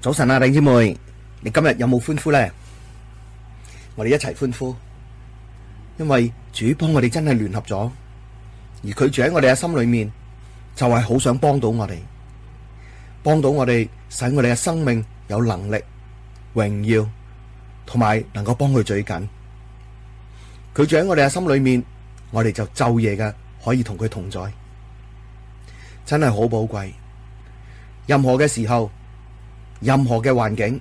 早晨啊，弟兄姊妹，你今日有冇歡呼咧？我哋一齊歡呼，因為主幫我哋真係聯合咗，而佢住喺我哋嘅心裏面，就係、是、好想幫到我哋，幫到我哋，使我哋嘅生命有能力、榮耀，同埋能夠幫佢最緊。佢住喺我哋嘅心裏面，我哋就晝夜嘅可以同佢同在，真係好寶貴。任何嘅時候。任何嘅環境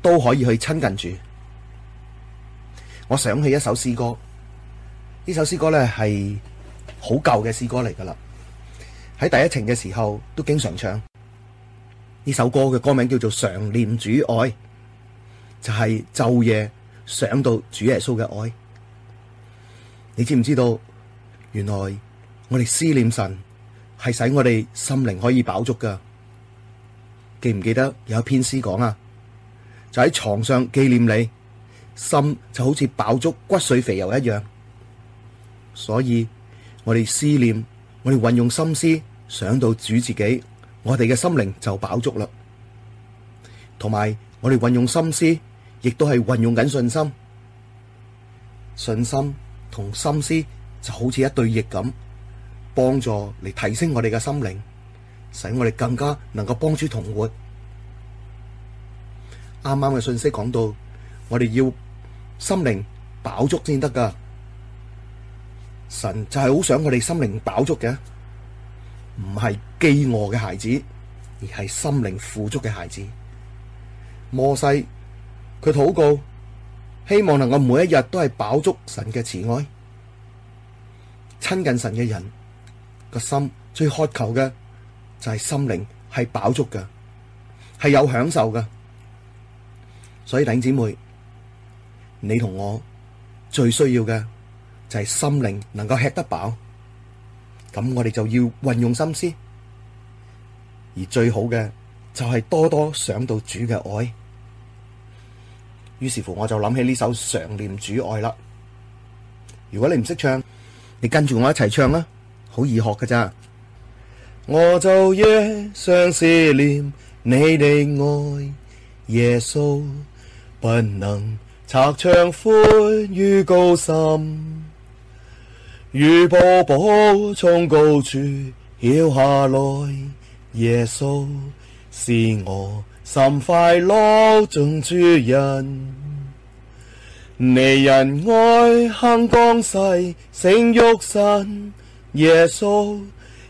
都可以去親近主。我想起一首詩歌，呢首詩歌咧，係好舊嘅詩歌嚟噶啦。喺第一程嘅時候都經常唱呢首歌，嘅歌名叫做《常念主愛》，就係晝夜想到主耶穌嘅愛。你知唔知道？原來我哋思念神係使我哋心靈可以飽足噶。記唔記得有篇詩講啊？就喺床上紀念你，心就好似飽足骨髓肥油一樣。所以我哋思念，我哋運用心思想到主自己，我哋嘅心靈就飽足啦。同埋，我哋運用心思，亦都係運用緊信心。信心同心思就好似一對翼咁，幫助嚟，提升我哋嘅心靈。使我哋更加能夠幫助同活。啱啱嘅信息講到，我哋要心靈飽足先得㗎。神就係好想我哋心靈飽足嘅，唔係飢餓嘅孩子，而係心靈富足嘅孩子。摩西佢禱告，希望能夠每一日都係飽足神嘅慈愛，親近神嘅人個心最渴求嘅。就係心靈係飽足㗎，係有享受㗎，所以弟兄姊妹，你同我最需要嘅就係心靈能夠吃得飽，咁我哋就要運用心思，而最好嘅就係多多想到主嘅愛。於是乎，我就諗起呢首《常念主愛》啦。如果你唔識唱，你跟住我一齊唱啦，好易學㗎咋。我晝夜常思念你的愛，耶穌，不能測長闊與高深，如瀑布從高處澆下來，耶，耶穌使我心快樂頌主恩，你因愛肯降世成肉體耶穌。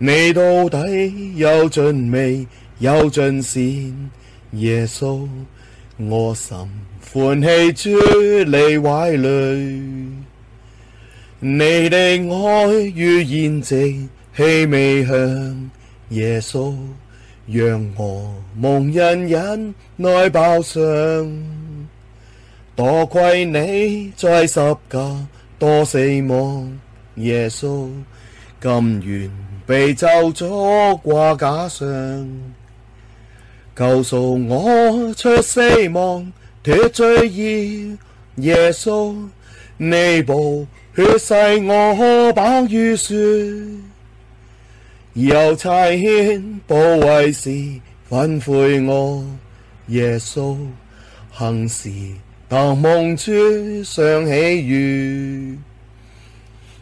你到底又盡美，又盡善，耶穌，我心歡喜住你懷裡。你的愛如筵席，氣味香，耶穌，讓我蒙恩人來飽嚐。多虧你在十架代死亡，耶穌，甘願。被咒詛掛架上，救贖我出死亡脫罪孽，耶穌，你寶血洗我白如雪，又差遣保惠師訓誨我，耶穌，行事得蒙主常喜悅。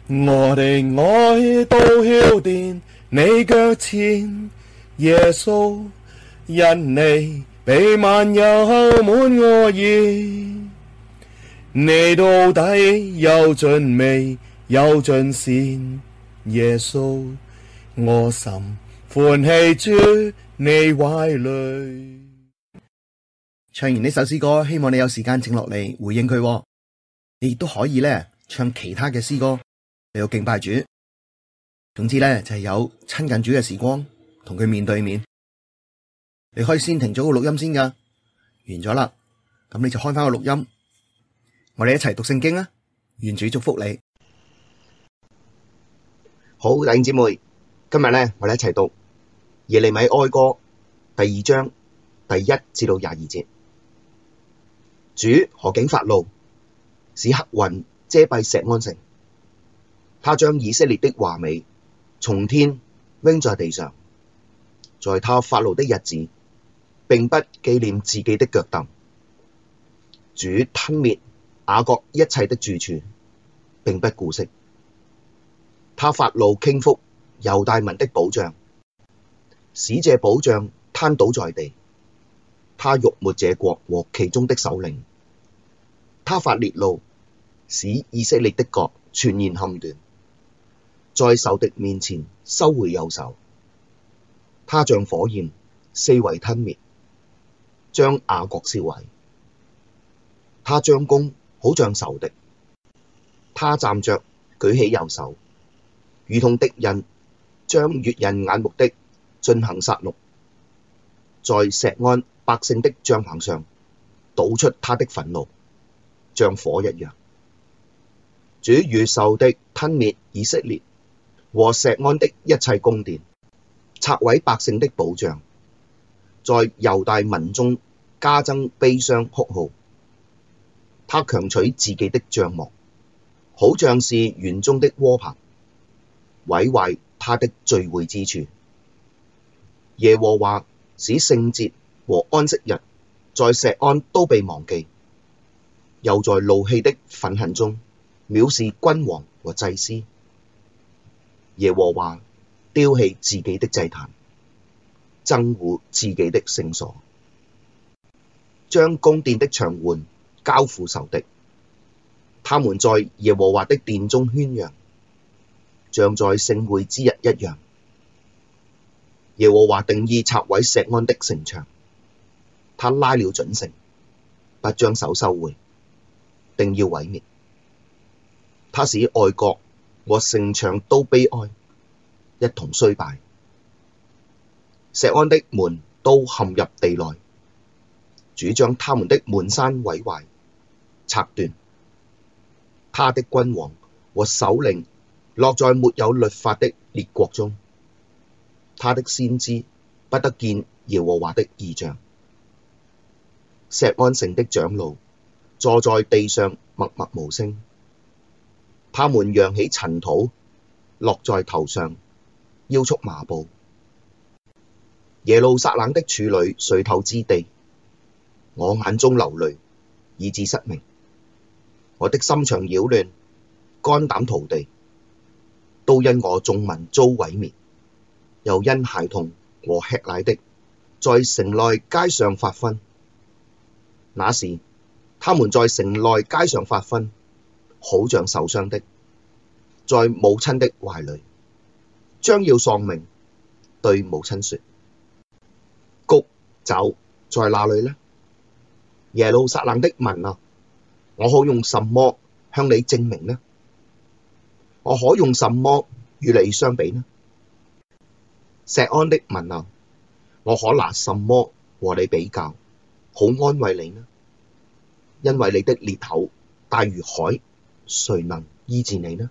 我的愛都澆奠你腳前，耶穌，因你比萬有滿我意，你到底又盡美，又盡善，耶穌，我心歡喜住你懷裡。唱完呢首詩歌，希望你有時間靜落嚟回應佢、哦。你亦都可以咧唱其他嘅詩歌。有敬拜主，總之咧就係、是、有親近主嘅時光，同佢面對面。你可以先停咗個錄音先噶，完咗啦，咁你就開翻個錄音，我哋一齊讀聖經啊。願主祝福你。好，弟兄姐妹，今日咧我哋一齊讀耶利米哀歌第二章第一至到廿二節。主何竟發怒，使黑雲遮蔽錫安城。他將以色列的華美從天扔在地上，在他發怒的日子，並不紀念自己的腳凳。主吞滅雅各一切的住處，並不顧惜。他發怒傾覆猶大民的保障，使這保障坍倒在地。他辱滅這國和其中的首領。他發烈怒，使以色列的角全然砍斷。在仇敵面前收回右手，他像火焰四圍吞滅，將雅各燒毀。他張弓，好像仇敵；他站着舉起右手，如同敵人，將悅人眼目的盡行殺戮，在錫安百姓的帳棚上倒出他的忿怒，像火一樣。主如仇敵吞滅以色列。和錫安的一切宮殿，拆毀百姓的保障，在猶大民眾加增悲傷哭號。他強取自己的帳幕，好像是園中的窩棚，毀壞他的聚會之處。耶和華使聖節和安息日在錫安都被忘記，又在怒氣的憤恨中藐視君王和祭司。耶和華丟棄自己的祭壇，憎惡自己的聖所，將宮殿的牆垣交付仇敵。他們在耶和華的殿中喧嚷，像在聖會之日一樣。耶和華定意拆毀錫安的城牆，他拉了準繩，不將手收回，定要毀滅。他使外郭和城牆都悲哀，一同衰敗。錫安的門都陷入地內，主將他們的門閂毀壞、折斷。他的君王和首領落在沒有律法的列國中，他的先知不得見耶和華的異象。錫安城的長老坐在地上，默默無聲。他們揚起塵土，落在頭上，腰束麻布，耶路撒冷的處女垂頭至地。我眼中流淚，以致失明。我的心腸擾亂，肝膽塗地，都因我眾民遭毀滅，又因孩童和吃奶的在城內街上發昏。那時，他們在城內街上發昏。好像受傷的，在母親的懷裡，將要喪命，對母親說：穀酒在哪裡呢？耶路撒冷的民啊，我可用什麼向你證明呢？我可用什麼與你相比呢？錫安的民啊，我可拿什麼和你比較，好安慰你呢？因為你的裂口大如海。誰能醫治你呢？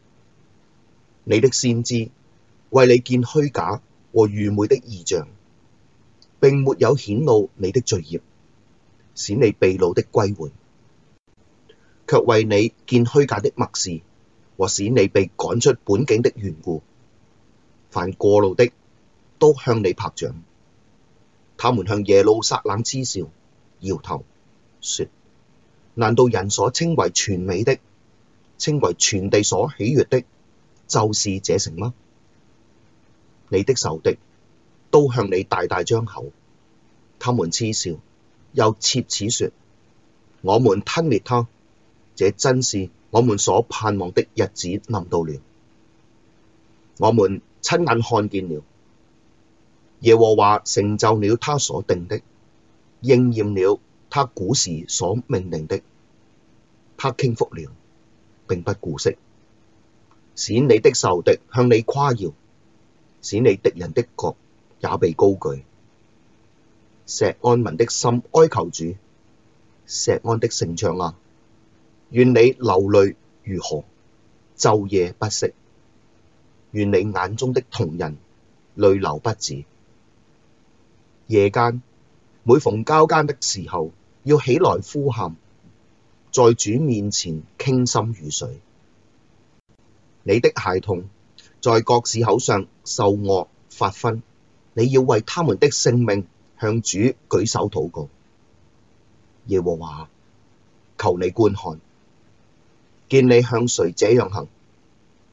你的先知為你見虛假和愚昧的異象，並沒有顯露你的罪孽，使你被擄的歸回，卻為你見虛假的默示和使你被趕出本境的緣故。凡過路的都向你拍掌，他們向耶路撒冷嗤笑，搖頭說：難道人所稱為全美的，稱為全地所喜悅的，就是這城嗎？你的仇敵都向你大大張口，他們嗤笑，又切齒說：我們吞滅他，這真是我們所盼望的日子臨到了。我們親眼看見了，耶和華成就了他所定的，應驗了他古時所命令的，他傾覆了。並不顧惜，使你的仇敵向你誇耀，使你敵人的角也被高舉。錫安民的心哀求主，錫安的城牆啊，願你流淚如河，晝夜不息；願你眼中的瞳人淚流不止。夜間每逢交更的時候，要起來呼喊。在主面前傾心如水，你的孩童在各市口上受餓發昏。你要為他們的性命向主舉手禱告。耶和華，求你觀看，見你向誰這樣行？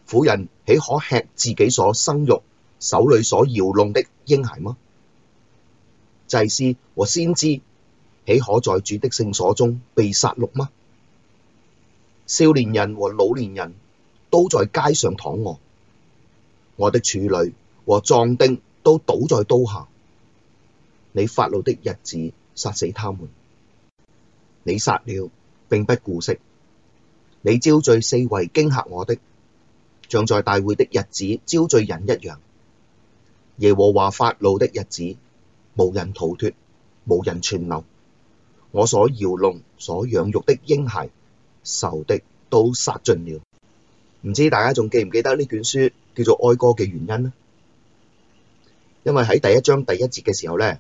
婦人豈可吃自己所生育、手裡所搖弄的嬰孩嗎？祭司和先知豈可在主的聖所中被殺戮嗎？少年人和老年人都在街上躺臥，我的處女和壯丁都倒在刀下。你發怒的日子，殺死他們，你殺了並不顧惜。你招聚四圍驚嚇我的，像在大會的日子招聚人一樣。耶和華發怒的日子，無人逃脫，無人存留。我所搖弄、所養育的嬰孩。仇敵都殺盡了，唔知大家仲記唔記得呢卷書叫做哀歌嘅原因咧？因為喺第一章第一節嘅時候呢，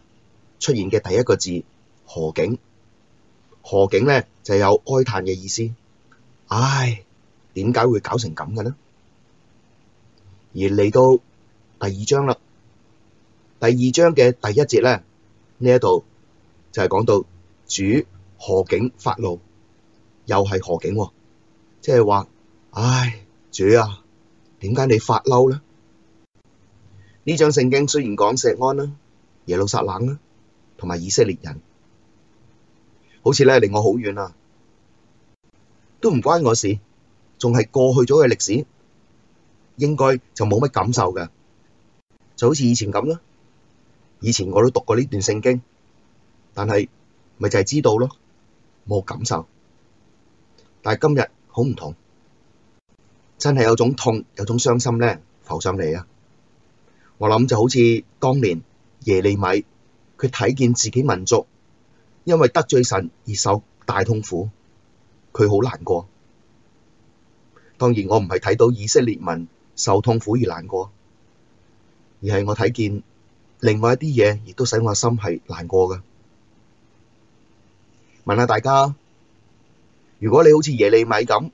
出現嘅第一個字何竟，何竟呢就有哀嘆嘅意思。唉，點解會搞成咁嘅呢？而嚟到第二章啦，第二章嘅第一節呢，呢一度就係講到主何竟發怒。又係何竟，啊？即係話，唉，主啊，點解你發嬲呢？呢張聖經雖然講錫安啦，啊，耶路撒冷啦，啊，同埋以色列人，好似咧離我好遠啊，都唔關我事，仲係過去咗嘅歷史，應該就冇乜感受嘅，就好似以前咁啦。以前我都讀過呢段聖經，但係咪就係、是、知道咯，冇感受。但係今日好唔同，真係有種痛，有種傷心呢，浮上嚟啊！我諗就好似當年耶利米，佢睇見自己民族因為得罪神而受大痛苦，佢好難過。當然我唔係睇到以色列民受痛苦而難過，而係我睇見另外一啲嘢，亦都使我心係難過㗎。問下大家。如果你好似耶利米咁，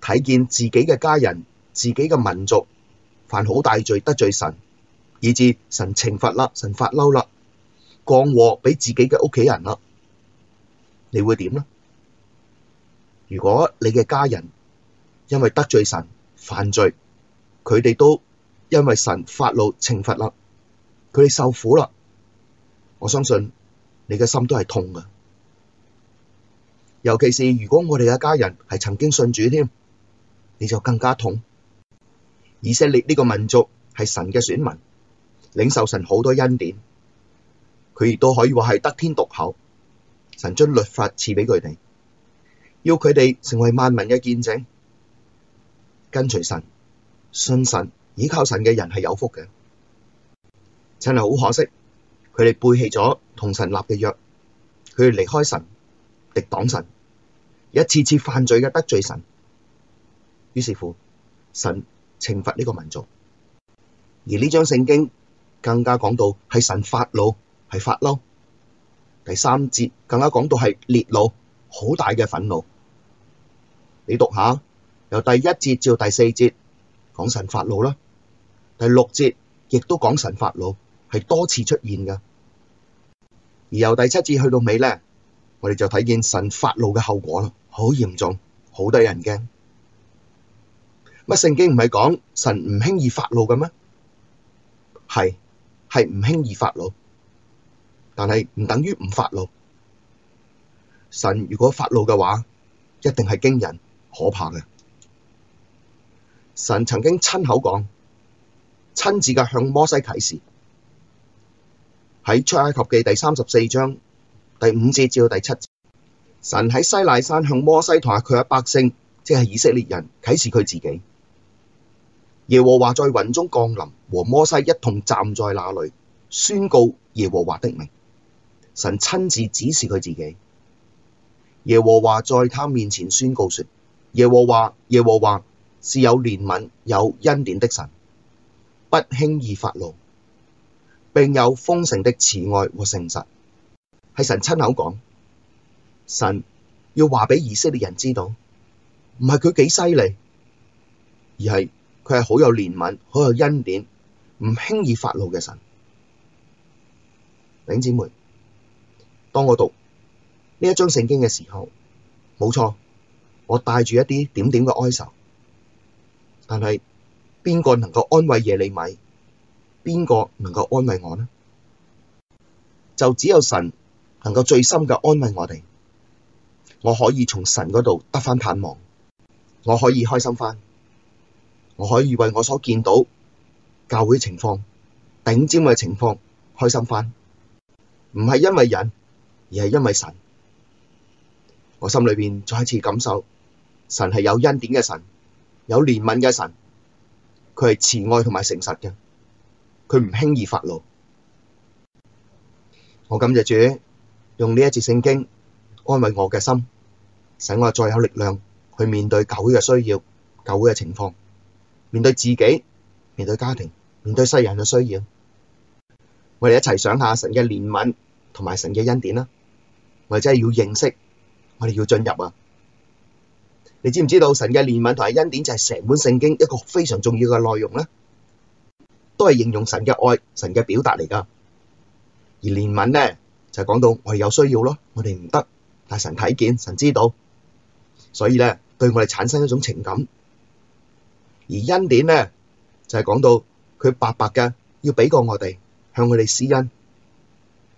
睇見自己嘅家人、自己嘅民族犯好大罪得罪神，以至神懲罰啦、神發嬲啦、降禍畀自己嘅屋企人啦，你會點呢？如果你嘅家人因為得罪神犯罪，佢哋都因為神發怒懲罰啦，佢哋受苦啦，我相信你嘅心都係痛㗎。尤其是如果我哋嘅家人係曾經信主添，你就更加痛。以色列呢個民族係神嘅選民，領受神好多恩典，佢亦都可以話係得天獨厚。神將律法賜畀佢哋，要佢哋成為萬民嘅見證，跟隨神、信神、倚靠神嘅人係有福嘅。真係好可惜，佢哋背棄咗同神立嘅約，佢哋離開神。敵擋神，一次次犯罪嘅得罪神，於是乎神懲罰呢個民族。而呢張聖經更加講到係神發怒係發嬲，第三節更加講到係烈怒，好大嘅憤怒。你讀下由第一節照第四節講神發怒啦，第六節亦都講神發怒係多次出現㗎，而由第七節去到尾咧。我哋就睇見神發怒嘅後果啦，好嚴重，好得人驚。乜聖經唔係講神唔輕易發怒嘅咩？係，係唔輕易發怒，但係唔等於唔發怒。神如果發怒嘅話，一定係驚人可怕嘅。神曾經親口講，親自嘅向摩西啟示，喺出埃及記第三十四章。第五節至到第七節，神喺西奈山向摩西同佢嘅百姓，即係以色列人啟示佢自己。耶和華在雲中降臨，和摩西一同站在那裏，宣告耶和華的名。神親自指示佢自己。耶和華在他面前宣告說：耶和華，耶和華是有憐憫有恩典的神，不輕易發怒，並有豐盛的慈愛和誠實。係神親口講，神要話畀以色列人知道，唔係佢幾犀利，而係佢係好有憐憫、好有恩典、唔輕易發怒嘅神。弟兄姊妹，當我讀呢一章聖經嘅時候，冇錯，我帶住一啲點點嘅哀愁，但係邊個能夠安慰耶利米？邊個能夠安慰我呢？就只有神。能夠最深嘅，安慰我哋，我可以從神嗰度得返盼望，我可以開心返，我可以為我所見到教會情況頂尖嘅情況開心返。唔係因為人，而係因為神。我心裏邊再一次感受，神係有恩典嘅神，有憐憫嘅神，佢係慈愛同埋誠實嘅，佢唔輕易發怒。我感謝主。用呢一節聖經安慰我嘅心，使我再有力量去面對教會嘅需要、教會嘅情況，面對自己、面對家庭、面對世人嘅需要。我哋一齊想下神嘅憐憫同埋神嘅恩典啦，或者係要認識，我哋要進入啊！你知唔知道神嘅憐憫同埋恩典就係成本聖經一個非常重要嘅內容咧？都係形容神嘅愛、神嘅表達嚟噶，而憐憫咧。就係講到我哋有需要咯，我哋唔得，但神睇見，神知道，所以咧對我哋產生一種情感。而恩典咧就係、是、講到佢白白嘅要畀過我哋，向我哋施恩。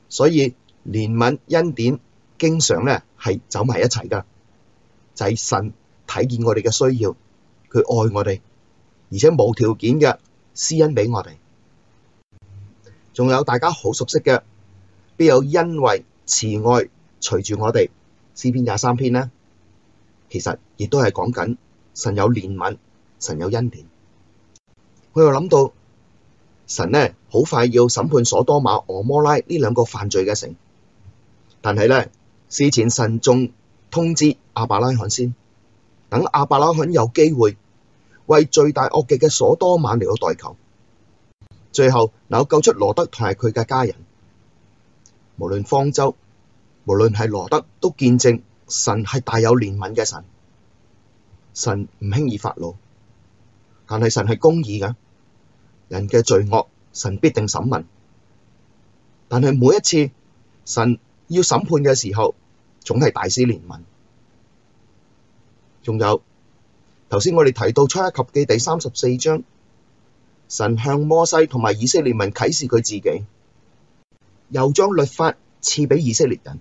所以憐憫恩典經常咧係走埋一齊㗎，就係、是、神睇見我哋嘅需要，佢愛我哋，而且無條件嘅施恩畀我哋。仲有大家好熟悉嘅。必有恩惠慈愛隨住我哋詩篇廿三篇咧，其實亦都係講緊神有憐憫，神有恩典。佢又諗到神呢，好快要審判所多瑪、俄摩拉呢兩個犯罪嘅城，但係呢，事前神仲通知亞伯拉罕先，等亞伯拉罕有機會為最大惡極嘅所多瑪嚟到代求，最後能夠救出羅德同埋佢嘅家人。無論方舟，無論係羅得，都見證神係大有憐憫嘅神。神唔輕易發怒，但係神係公義嘅，人嘅罪惡神必定審問。但係每一次神要審判嘅時候，總係大施憐憫。仲有頭先我哋提到出埃及記第三十四章，神向摩西同埋以色列民啟示佢自己。又將律法賜畀以色列人，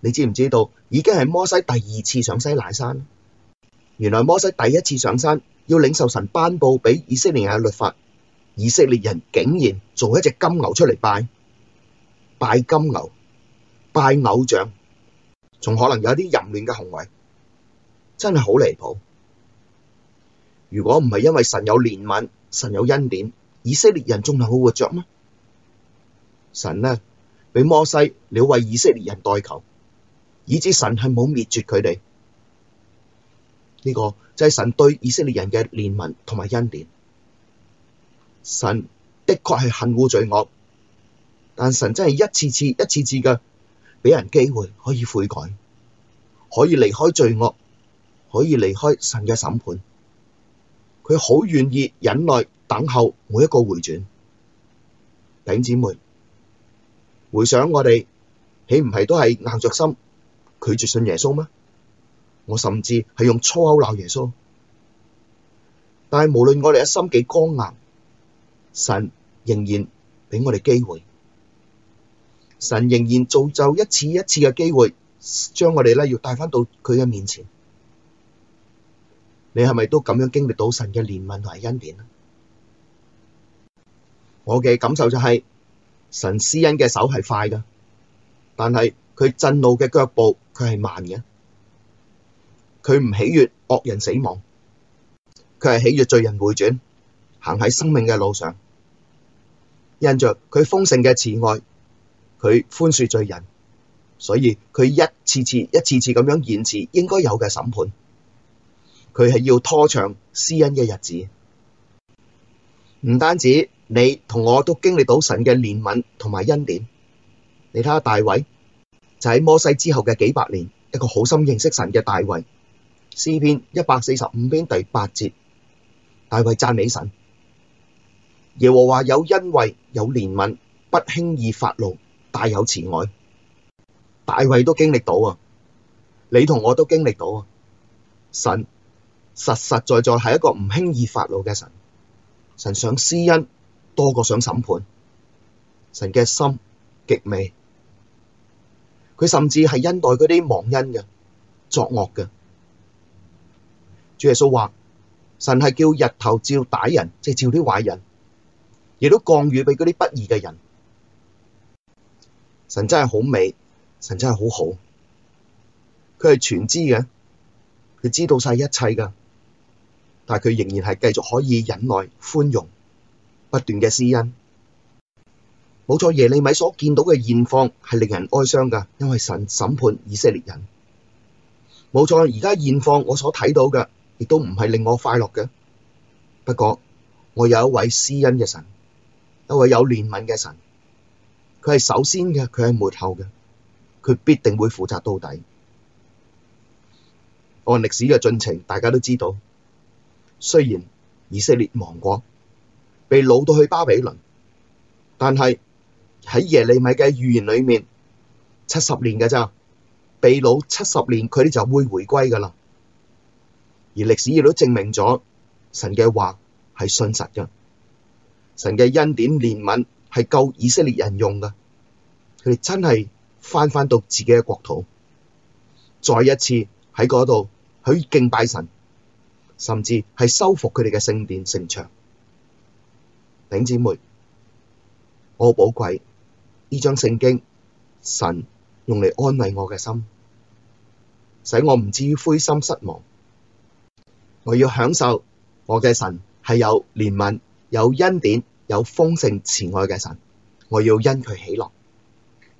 你知唔知道？已經係摩西第二次上西乃山。原來摩西第一次上山要領受神頒布俾以色列人嘅律法，以色列人竟然做一隻金牛出嚟拜，拜金牛，拜偶像，仲可能有啲淫亂嘅行為，真係好離譜。如果唔係因為神有憐憫，神有恩典，以色列人仲能夠活着嗎？神呢，畀摩西，了為以色列人代求，以致神係冇滅絕佢哋。呢、這個就係神對以色列人嘅憐憫同埋恩典。神的確係恨惡罪惡，但神真係一次次、一次次嘅畀人機會可以悔改，可以離開罪惡，可以離開神嘅審判。佢好願意忍耐等候每一個回轉，頂姊妹。回想我哋，豈唔係都係硬着心拒絕信耶穌咩？我甚至係用粗口鬧耶穌。但係無論我哋嘅心幾剛硬，神仍然畀我哋機會，神仍然造就一次一次嘅機會，將我哋咧要帶返到佢嘅面前。你係咪都咁樣經歷到神嘅憐憫同埋恩典呢？我嘅感受就係，是。神施恩嘅手係快㗎，但係佢震怒嘅腳步佢係慢嘅。佢唔喜悅惡人死亡，佢係喜悅罪人回轉，行喺生命嘅路上，因着佢豐盛嘅慈愛，佢寬恕罪人，所以佢一次次、一次次咁樣延遲應該有嘅審判。佢係要拖長施恩嘅日子，唔單止。你同我都經歷到神嘅憐憫同埋恩典。你睇下大衛，就喺摩西之後嘅幾百年，一個好深認識神嘅大衛。詩篇一百四十五篇第八節，大衛讚美神，耶和華有恩惠，有憐憫，不輕易發怒，大有慈愛。大衛都經歷到啊，你同我都經歷到啊，神實實在在係一個唔輕易發怒嘅神，神想施恩。多過想審判，神嘅心極美，佢甚至係恩待嗰啲忘恩嘅、作惡嘅。主耶穌話：神係叫日頭照歹人，即係照啲壞人，亦都降雨畀嗰啲不義嘅人。神真係好美，神真係好好。佢係全知嘅，佢知道晒一切㗎，但係佢仍然係繼續可以忍耐寬容，不斷嘅施恩，冇錯。耶利米所見到嘅現況係令人哀傷㗎，因為神審判以色列人。冇錯，而家現況我所睇到嘅，亦都唔係令我快樂嘅。不過我有一位施恩嘅神，一位有憐憫嘅神，佢係首先嘅，佢係末後嘅，佢必定會負責到底。按歷史嘅進程，大家都知道，雖然以色列亡國。被擄到去巴比倫，但係喺耶利米嘅預言裏面，七十年嘅咋，被擄七十年，佢哋就會回歸噶啦。而歷史亦都證明咗，神嘅話係信實嘅，神嘅恩典憐憫係救以色列人用嘅，佢哋真係翻返到自己嘅國土，再一次喺嗰度去敬拜神，甚至係修復佢哋嘅聖殿城牆。頂姊妹，我寶貴呢張聖經，神用嚟安慰我嘅心，使我唔至於灰心失望。我要享受我嘅神係有憐憫、有恩典、有豐盛慈愛嘅神。我要因佢喜樂，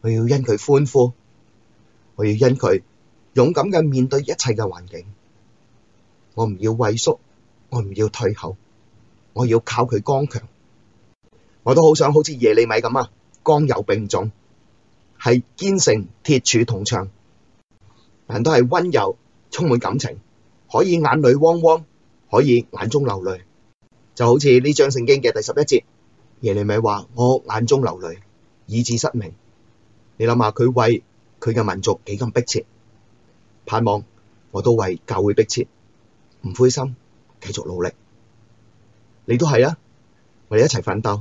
我要因佢歡呼，我要因佢勇敢嘅面對一切嘅環境。我唔要畏縮，我唔要退後，我要靠佢剛強。我都好想好似耶利米咁啊，剛柔並重，係堅成鐵柱銅牆，但都係温柔充滿感情，可以眼淚汪汪，可以眼中流淚，就好似呢張聖經嘅第十一節，耶利米話，我眼中流淚，以致失明。你諗下，佢為佢嘅民族幾咁迫切盼望，我都為教會迫切，唔灰心，繼續努力。你都係啊，我哋一齊奮鬥。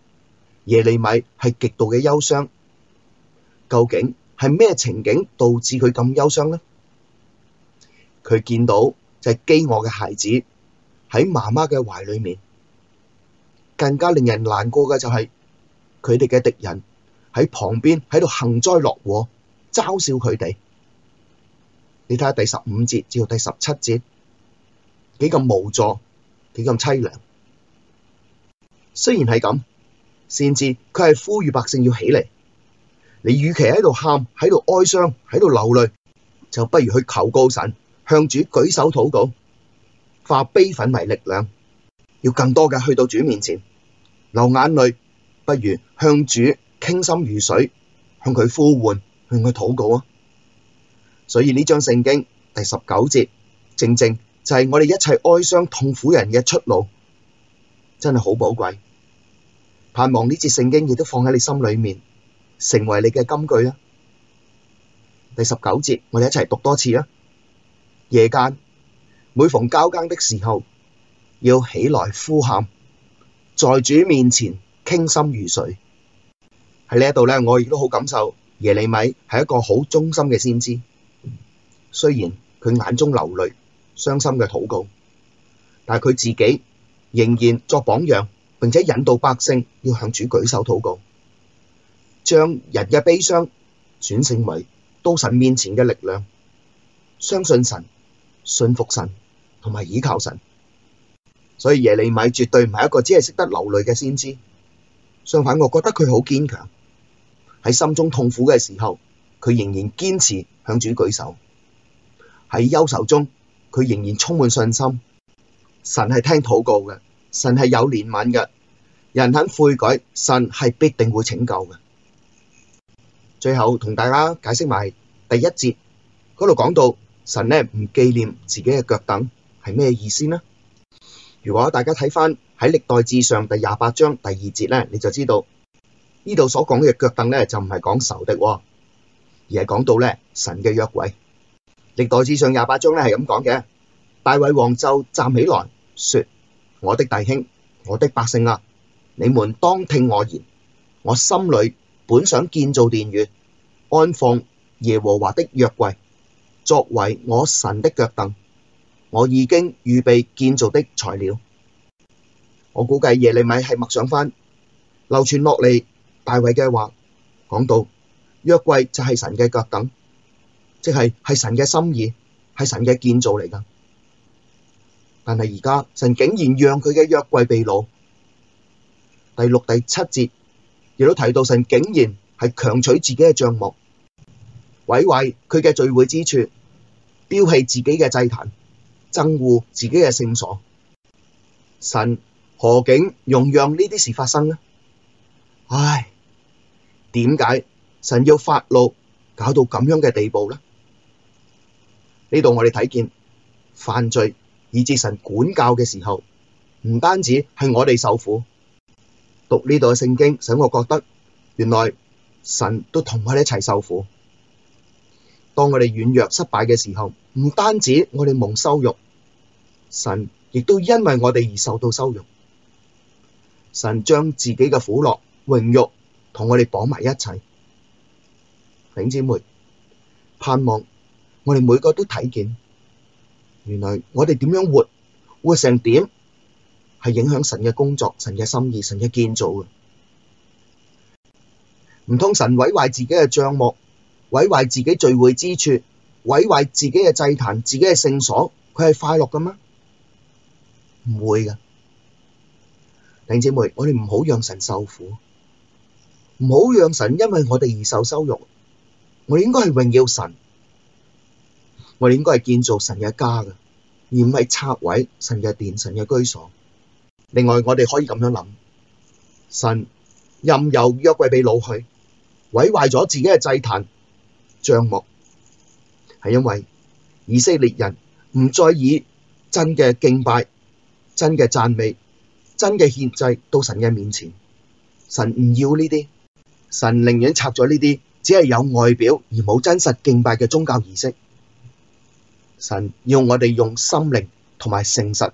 耶利米係極度嘅憂傷，究竟係咩情景導致佢咁憂傷呢？佢見到就係飢餓嘅孩子喺媽媽嘅懷裏面，更加令人難過嘅就係佢哋嘅敵人喺旁邊喺度幸災樂禍，嘲笑佢哋。你睇下第十五節至到第十七節，幾咁無助，幾咁淒涼。雖然係咁。先知佢係呼籲百姓要起嚟，你與其喺度喊，喺度哀傷，喺度流淚，就不如去求告神，向主舉手禱告，化悲憤為力量，要更多嘅去到主面前，流眼淚，不如向主傾心如水，向佢呼喚，向佢禱告啊！所以呢張聖經第十九節，正正就係我哋一切哀傷痛苦人嘅出路，真係好寶貴。盼望呢節聖經亦都放喺你心裏面，成為你嘅金句啦。第十九節，我哋一齊讀多次啦。夜間，每逢交更的時候，要起來呼喊，在主面前傾心如水。喺呢一度呢，我亦都好感受耶利米係一個好忠心嘅先知，雖然佢眼中流淚、傷心嘅禱告，但係佢自己仍然作榜樣。並且引導百姓要向主舉手禱告，將人嘅悲傷轉成為到神面前嘅力量，相信神、信服神同埋倚靠神。所以耶利米絕對唔係一個只係識得流淚嘅先知，相反，我覺得佢好堅強。喺心中痛苦嘅時候，佢仍然堅持向主舉手；喺憂愁中，佢仍然充滿信心。神係聽禱告嘅。神係有憐憫嘅，人肯悔改，神係必定會拯救嘅。最後同大家解釋埋第一節嗰度講到神呢唔紀念自己嘅腳凳係咩意思呢？如果大家睇翻喺歷代志上第廿八章第二節咧，你就知道呢度所講嘅腳凳咧就唔係講仇敵，而係講到咧神嘅約櫃。歷代志上廿八章咧係咁講嘅，大衛王就站起來說。我的弟兄、我的百姓啊，你們當聽我言。我心裡本想建造殿宇，安放耶和華的約櫃，作為我神的腳凳。我已經預備建造的材料。我估計耶利米係默想翻，流傳落嚟大衛嘅話，講到約櫃就係神嘅腳凳，即係係神嘅心意，係神嘅建造嚟噶。但係而家，神竟然讓佢嘅約櫃被擄。第六、第七節，亦都提到神竟然係強取自己嘅帳幕，毀壞佢嘅聚會之處，丟棄自己嘅祭壇，憎惡自己嘅聖所。神何竟容讓呢啲事發生呢？唉，點解神要發怒，搞到咁樣嘅地步呢？呢度我哋睇見犯罪，以至神管教嘅時候，唔單止係我哋受苦。讀呢度嘅聖經，使我覺得原來神都同我哋一齊受苦。當我哋軟弱失敗嘅時候，唔單止我哋蒙羞辱，神亦都因為我哋而受到羞辱。神將自己嘅苦樂、榮辱同我哋綁埋一齊。弟兄姊妹，盼望我哋每個都睇見。原來我哋點樣活，活成點，係影響神嘅工作、神嘅心意、神嘅建造嘅。唔通神毀壞自己嘅帳幕，毀壞自己聚會之處，毀壞自己嘅祭壇、自己嘅聖所，佢係快樂嘅咩？唔會噶。弟兄姊妹，我哋唔好讓神受苦，唔好讓神因為我哋而受羞辱。我哋應該係榮耀神。我哋應該係建造神嘅家噶，而唔係拆毀神嘅殿、神嘅居所。另外，我哋可以咁樣諗：神任由約櫃被擄去，毀壞咗自己嘅祭壇、帳幕，係因為以色列人唔再以真嘅敬拜、真嘅讚美、真嘅獻祭到神嘅面前。神唔要呢啲，神寧願拆咗呢啲，只係有外表而冇真實敬拜嘅宗教儀式。神要我哋用心靈同埋誠實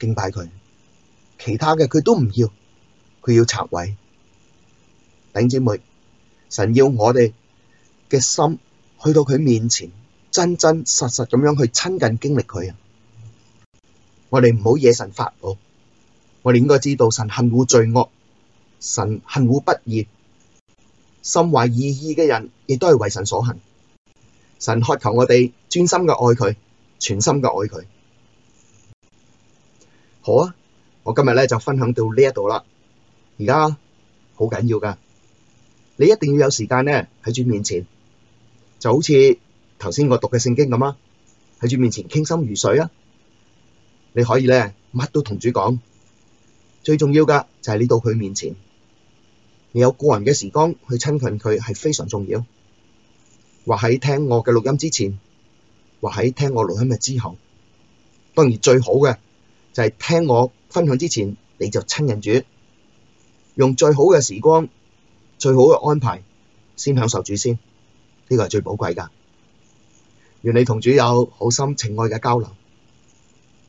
敬拜佢，其他嘅佢都唔要，佢要拆毀。弟兄姊妹，神要我哋嘅心去到佢面前，真真實實咁樣去親近經歷佢啊！我哋唔好惹神發怒，我哋應該知道神恨惡罪惡，神恨惡不義，心懷異意嘅人亦都係為神所恨。神渴求我哋專心嘅愛佢。全心嘅愛佢。好啊，我今日咧就分享到呢一度啦。而家好緊要噶，你一定要有時間咧喺主面前，就好似頭先我讀嘅聖經咁啊，喺主面前傾心如水啊。你可以咧乜都同主講，最重要噶就係你到佢面前，你有個人嘅時光去親近佢係非常重要。或喺聽我嘅錄音之前。話喺聽我錄音嘅之後，當然最好嘅就係、是、聽我分享之前，你就親近主，用最好嘅時光、最好嘅安排先享受主先，呢個係最寶貴㗎。願你同主有好心情愛嘅交流，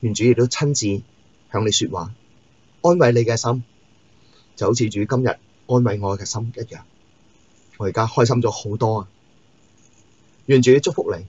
願主亦都親自向你說話，安慰你嘅心，就好似主今日安慰我嘅心一樣。我而家開心咗好多啊！願主祝福你。